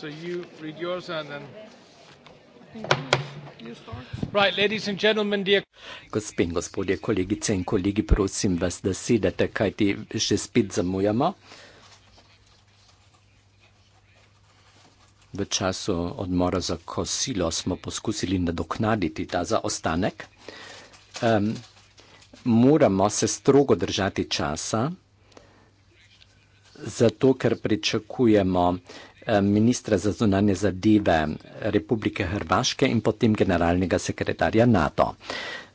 So you read yours and then. Right, Gospe in gospodje, kolegice in kolegi, prosim vas, da sedete, kajti še spet zamujamo. V času odmora za kosilo smo poskusili nadoknaditi ta zaostanek. Um, moramo se strogo držati časa, zato ker pričakujemo. Eh, ministra za zunanje zadeve Republike Hrvaške in potem generalnega sekretarja NATO.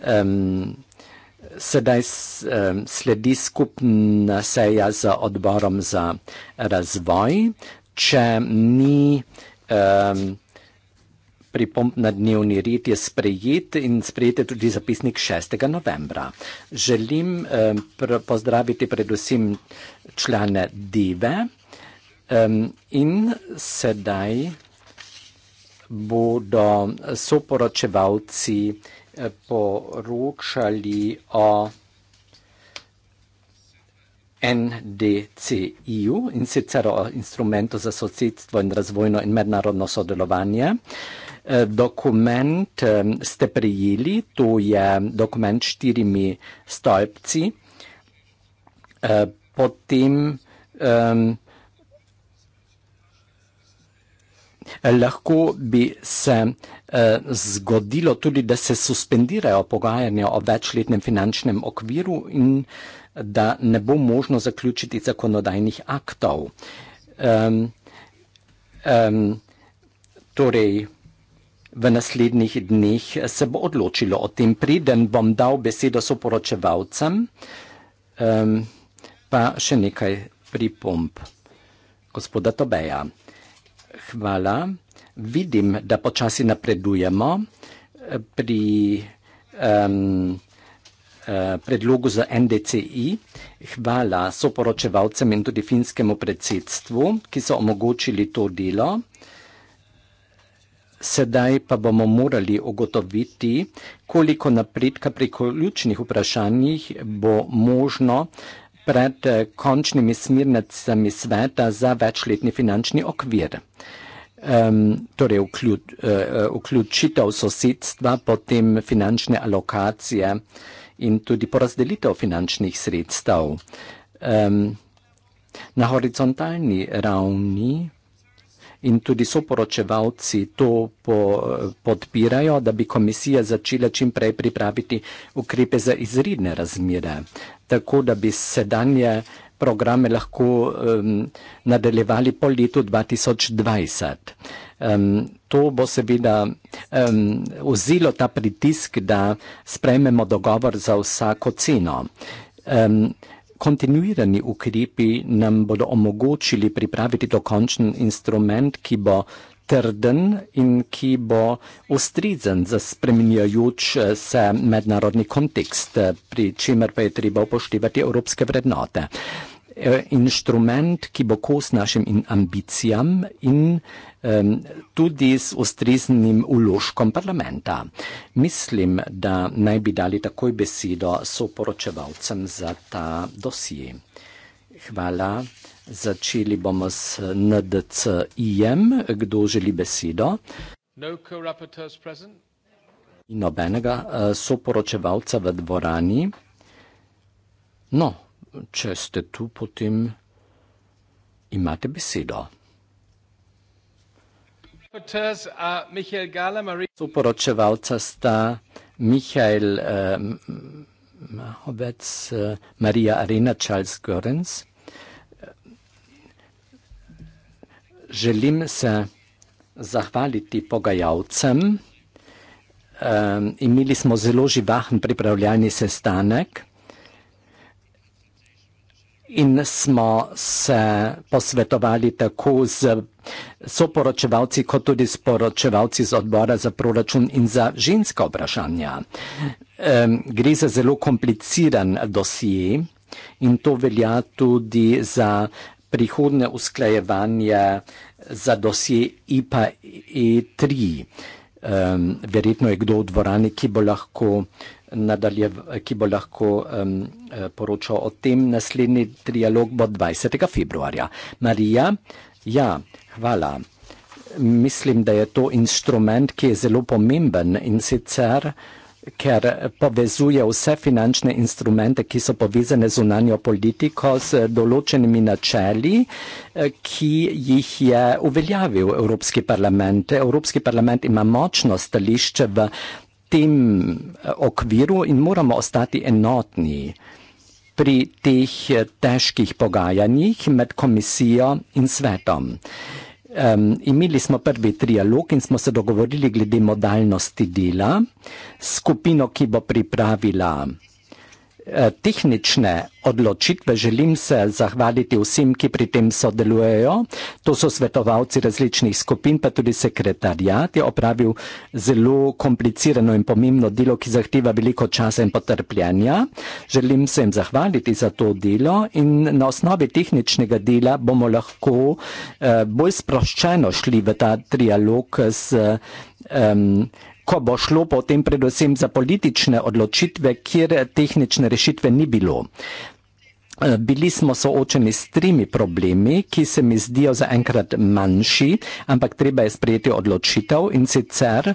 Um, sedaj um, sledi skupna seja z odborom za razvoj. Če ni um, pripomp na dnevni red, je sprejet in sprejet je tudi zapisnik 6. novembra. Želim um, pozdraviti predvsem člane DIVE. Um, in sedaj bodo soporočevalci eh, poročali o NDCI-ju in sicer o instrumentu za sosedstvo in razvojno in mednarodno sodelovanje. Eh, dokument ste prijeli, to je dokument s štirimi stolpci. Eh, potem um, lahko bi se eh, zgodilo tudi, da se suspendirajo pogajanja o večletnem finančnem okviru in da ne bo možno zaključiti zakonodajnih aktov. Um, um, torej, v naslednjih dneh se bo odločilo o tem. Preden bom dal besedo soporočevalcem, um, pa še nekaj pripomb gospoda Tobeja hvala. Vidim, da počasi napredujemo pri um, predlogu za NDCI. Hvala soporočevalcem in tudi finskemu predsedstvu, ki so omogočili to delo. Sedaj pa bomo morali ugotoviti, koliko napredka pri ključnih vprašanjih bo možno uh, pred eh, končnimi smernicami sveta za večletni finančni okvir. Um, torej vklju, uh, eh, eh, vključitev sosedstva, potem finančne alokacije in tudi porazdelitev finančnih sredstev. Um, na horizontalni ravni in tudi soporočevalci to po, podpirajo, da bi komisija začela čim prej pripraviti ukrepe za izredne razmere, tako da bi sedanje programe lahko um, nadaljevali po letu 2020. Um, to bo seveda um, vzelo ta pritisk, da sprejmemo dogovor za vsako ceno. Um, Kontinuirani ukrepi nam bodo omogočili pripraviti dokončen instrument, ki bo trden in ki bo ustrezen za spremenjajoč eh, se mednarodni kontekst, eh, pri čemer pa je treba upoštevati evropske vrednote. Eh, inštrument, ki bo kos našim in ambicijam in um, tudi s ustreznim uložkom parlamenta. Mislim, da naj bi dali takoj besedo soporočevalcem za ta dosje. Hvala. Začeli bomo s NDC-jem. Kdo želi besedo? No Ni nobenega eh, soporočevalca v dvorani. No, če ste tu, potem imate besedo. Uh, Soporočevalca sta Mihajl uh, Mahovec, uh, Marija Arena, Charles Görens. Želim se zahvaliti pogajalcem. Um, imeli smo zelo živahen pripravljalni sestanek in smo se posvetovali tako z soporočevalci, kot tudi s poročevalci z odbora za proračun in za ženska vprašanja. Um, gre za zelo kompliciran dosije in to velja tudi za prihodne usklajevanje za dosije IPA E3. Um, verjetno je kdo v dvorani, ki bo lahko uh, nadaljev, ki bo lahko um, poročal o tem. Naslednji trialog bo 20. februarja. Marija, ja, hvala. Mislim, da je to instrument, ki je zelo pomemben in sicer, ker povezuje vse finančne instrumente, ki so povezane z unanjo politiko, z določenimi načeli, eh, ki jih je uveljavil Evropski parlament. Evropski parlament ima močno stališče v tem eh, okviru in moramo ostati enotni pri teh eh, težkih pogajanjih med komisijo in svetom. Um, imeli smo prvi trialog in smo se dogovorili glede modalnosti dela, skupino, ki bo pripravila Eh, tehnične odločitve želim se zahvaliti vsem, ki pri tem sodelujejo. To so svetovalci različnih skupin, pa tudi sekretarjat je opravil zelo komplicirano in pomembno delo, ki zahteva veliko časa in potrpljenja. Želim se jim zahvaliti za to delo in na osnovi tehničnega dela bomo lahko eh, bolj sproščeno šli v ta trialog s. Um, ko bo šlo potem predvsem za politične odločitve, kjer tehnične rešitve ni bilo. Eh, bili smo soočeni s trimi problemi, ki se mi zdijo zaenkrat manjši, ampak treba je sprejeti odločitev in sicer eh,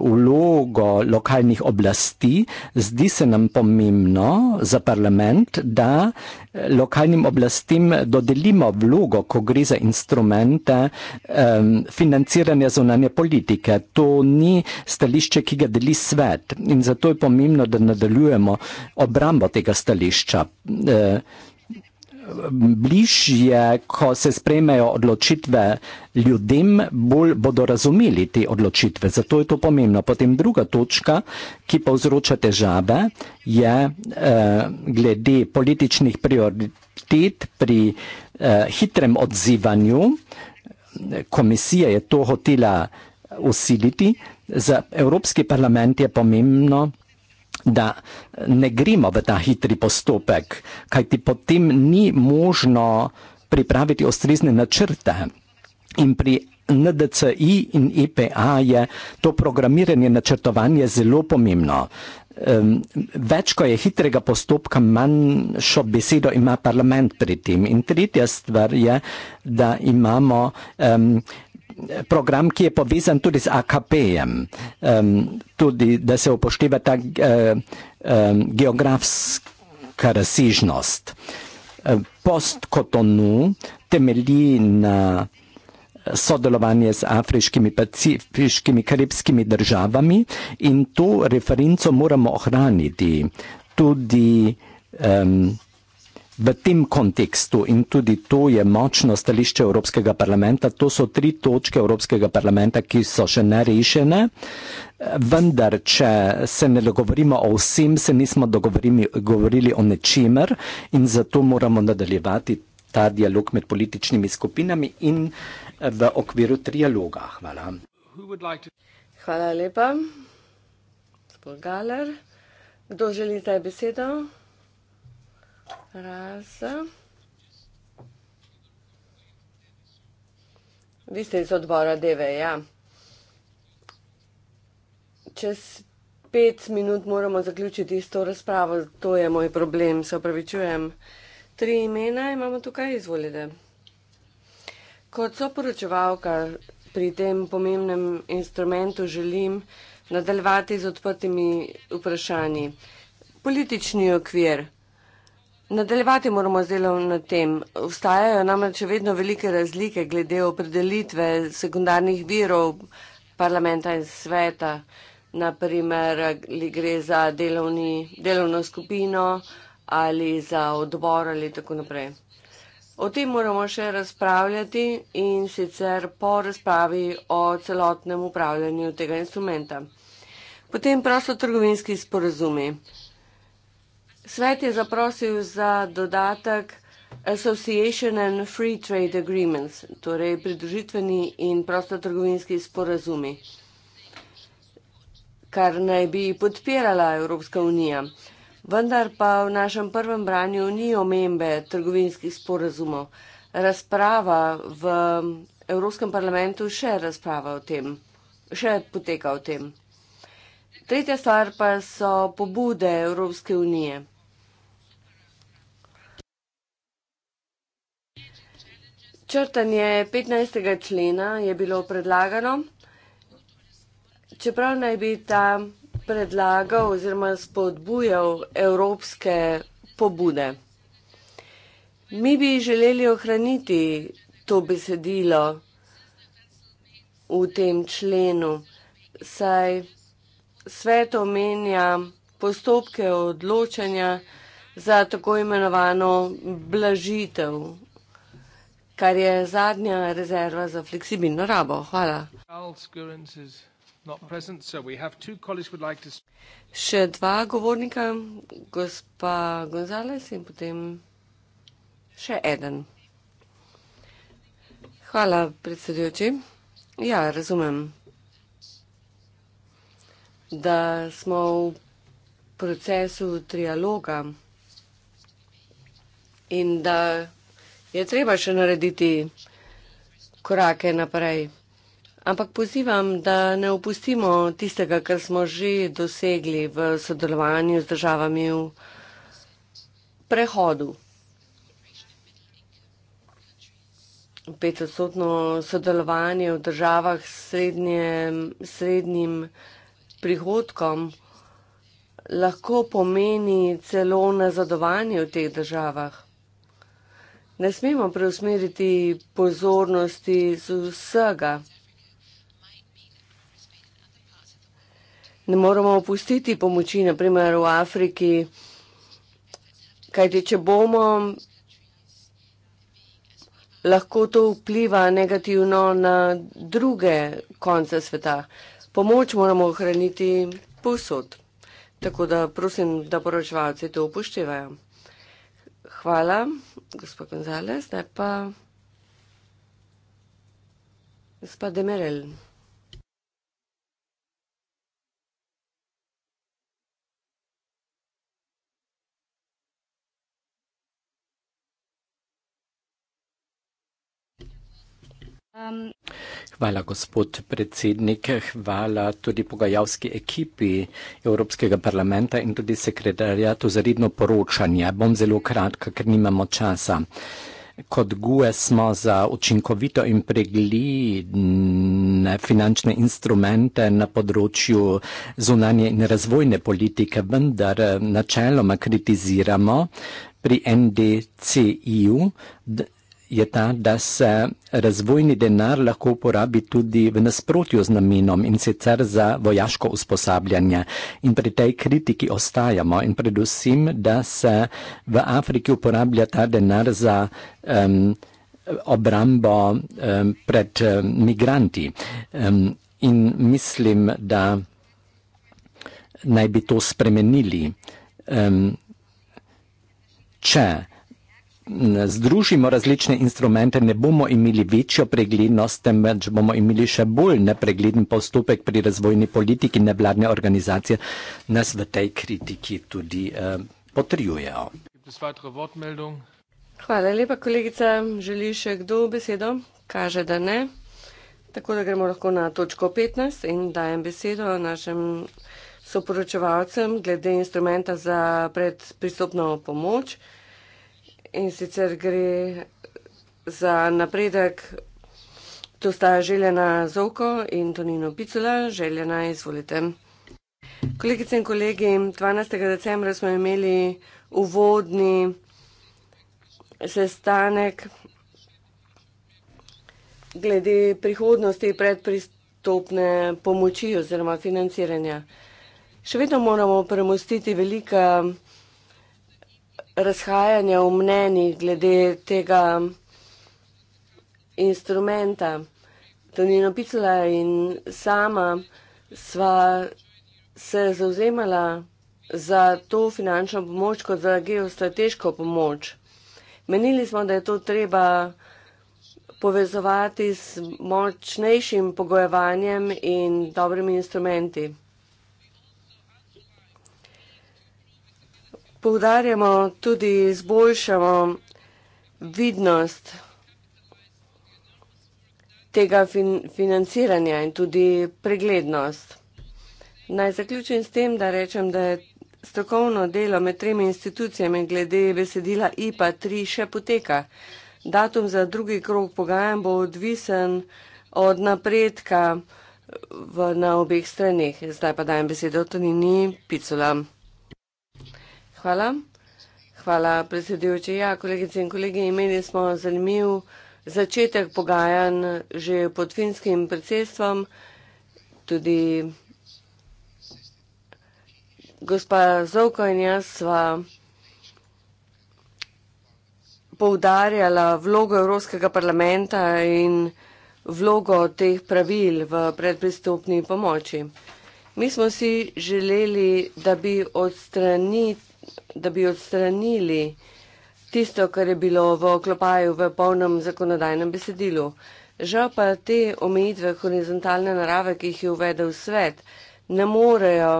vlogo lokalnih oblasti. Zdi se nam pomembno za parlament, da eh, lokalnim oblastim dodelimo vlogo, ko gre za instrumente financiranja zunanje politike. To ni stališče, ki ga deli svet in zato je pomembno, da nadaljujemo obrambo tega stališča bližje, ko se spremejo odločitve ljudem, bolj bodo razumeli te odločitve. Zato je to pomembno. Potem druga točka, ki povzroča težave, je eh, glede političnih prioritet pri eh, hitrem odzivanju. Komisija je to hotela usiliti. Za Evropski parlament je pomembno, da ne gremo v ta hitri postopek, kajti potem ni možno pripraviti ustrezne načrte. In pri NDCI in EPA je to programiranje, načrtovanje zelo pomembno. Več, ko je hitrega postopka, manjšo besedo ima parlament pri tem. In tretja stvar je, da imamo um, program, ki je povezan tudi z AKP-jem, um, tudi da se upošteva ta uh, um, geografska razsežnost. Eh, Postkotonu temelji na eh, sodelovanje z afriškimi, pacifiškimi, karibskimi državami in to referenco moramo ohraniti tudi um, v tem kontekstu in tudi to je močno stališče Evropskega parlamenta, to so tri točke Evropskega parlamenta, ki so še nerešene, vendar, če se ne dogovorimo o vsem, se nismo dogovorili o nečemer in zato moramo nadaljevati ta dialog med političnimi skupinami in v okviru trialoga. Hvala. Hvala lepa. Gospod Galer, kdo želi zdaj besedo? fraza. Vi ste iz odbora DV, ja. Čez pet minut moramo zaključiti s to razpravo, to je moj problem, se opravičujem. Tri imena imamo tukaj, izvolite. Kot soporočevalka pri tem pomembnem instrumentu želim nadaljevati z odprtimi vprašanji. Politični okvir. Nadaljevati moramo z delom na tem. Vstajajo namreč vedno velike razlike glede opredelitve sekundarnih virov parlamenta in sveta. Naprimer, ali gre za delovni, delovno skupino ali za odbor ali tako naprej. O tem moramo še razpravljati in sicer po razpravi o celotnem upravljanju tega instrumenta. Potem prostotrgovinski sporazumi. Svet je zaprosil za dodatek Association and Free Trade Agreements, torej pridružitveni in prostotrgovinski sporazumi, kar naj bi podpirala Evropska unija. Vendar pa v našem prvem branju ni omembe trgovinskih sporazumov. Razprava v Evropskem parlamentu še razprava o tem, še poteka o tem. Tretja stvar pa so pobude Evropske unije. Črtanje 15. člena je bilo predlagano, čeprav naj bi ta predlagal oziroma spodbujal evropske pobude. Mi bi želeli ohraniti to besedilo v tem členu, saj svet omenja postopke odločanja za tako imenovano blažitev kar je zadnja rezerva za fleksibilno rabo. Hvala. Present, so like to... Še dva govornika, gospa Gonzales in potem še eden. Hvala, predsedujoči. Ja, razumem, da smo v procesu trialoga in da je treba še narediti korake naprej. Ampak pozivam, da ne opustimo tistega, kar smo že dosegli v sodelovanju z državami v prehodu. Petodstotno sodelovanje v državah s srednje, srednjim prihodkom lahko pomeni celo nazadovanje v teh državah ne smemo preusmeriti pozornosti z vsega. Ne moramo opustiti pomoči, naprimer v Afriki, kajti če bomo, lahko to vpliva negativno na druge konce sveta. Pomoč moramo ohraniti posod. Tako da prosim, da poročevalci to upoštevajo. Hvala, gospod Gonzalez. Zdaj pa gospod Demerel. Um, hvala, gospod predsednik. Hvala tudi pogajalski ekipi Evropskega parlamenta in tudi sekretarjatu za redno poročanje. Bom zelo kratka, ker nimamo časa. Kot GUE smo za učinkovito in pregledne finančne instrumente na področju zunanje in razvojne politike, vendar eh, načeloma kritiziramo pri NDCI-ju je ta, da se razvojni denar lahko uporabi tudi v nasprotju z namenom in sicer za vojaško usposabljanje. In pri tej kritiki ostajamo in predvsem, da se v Afriki uporablja ta denar za um, obrambo um, pred um, migranti. Um, in mislim, da naj bi to spremenili. Um, Eh, združimo različne instrumente, ne bomo imeli večjo preglednost, temveč bomo imeli še bolj nepregleden postopek pri razvojni politiki, nevladne organizacije nas v tej kritiki tudi eh, potrjujejo. Hvala lepa, kolegica. Želi še kdo besedo? Kaže, da ne. Tako da gremo lahko na točko 15 in dajem besedo našem soporočevalcem glede instrumenta za predpristopno pomoč in sicer gre za napredek. To sta željena Zovko in Tonino Picula, željena izvolite. Kolegice in kolegi, 12. decembra smo imeli uvodni sestanek glede prihodnosti predpristopne pomoči oziroma financiranja. Še vedno moramo premustiti velika razhajanja v mneni glede tega instrumenta. Tonino Picla in sama sva se zauzemala za to finančno pomoč kot za geostrateško pomoč. Menili smo, da je to treba povezovati s močnejšim pogojevanjem in dobrimi instrumenti. poudarjamo, tudi izboljšamo vidnost tega fin financiranja in tudi preglednost. Naj zaključim s tem, da rečem, da je strokovno delo med tremi institucijami glede besedila IPA 3 še poteka. Datum za drugi krok pogajan bo odvisen od napredka v, na obeh stranih. Zdaj pa dajem besedo Tonini Piculam. Hvala. Hvala, predsedujoče. Ja, kolegice in kolegi, imeli smo zanimiv začetek pogajan že pod finskim predsedstvom. Tudi gospa Zovko in jaz sva poudarjala vlogo Evropskega parlamenta in vlogo teh pravil v predpristopni pomoči. Mi smo si želeli, da bi odstraniti da bi odstranili tisto, kar je bilo v oklopaju v polnem zakonodajnem besedilu. Žal pa te omejitve horizontalne narave, ki jih je uvedel svet, ne morejo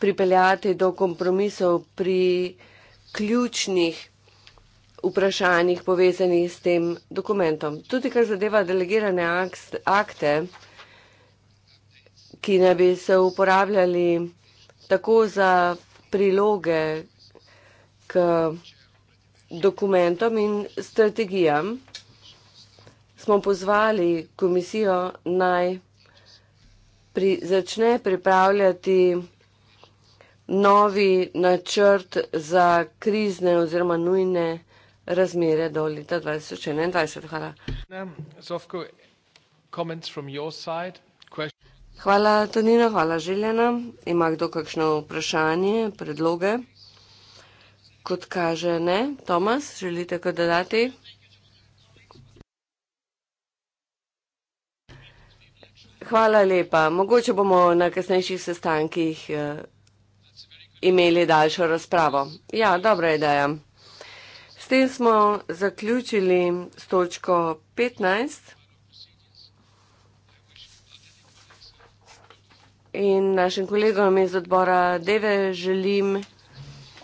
pripeljati do kompromisov pri ključnih vprašanjih povezanih s tem dokumentom. Tudi kar zadeva delegirane akte, ki ne bi se uporabljali tako za priloge k dokumentom in strategijam, smo pozvali komisijo naj pri, začne pripravljati novi načrt za krizne oziroma nujne razmere do leta 2021. Hvala. Hvala, Tonina, hvala, Željena. Ima kdo kakšno vprašanje, predloge? Kot kaže, ne. Tomas, želite kaj dodati? Hvala lepa. Mogoče bomo na kasnejših sestankih eh, imeli daljšo razpravo. Ja, dobra ideja. S tem smo zaključili s točko 15. in našim kolegom iz odbora Deve želim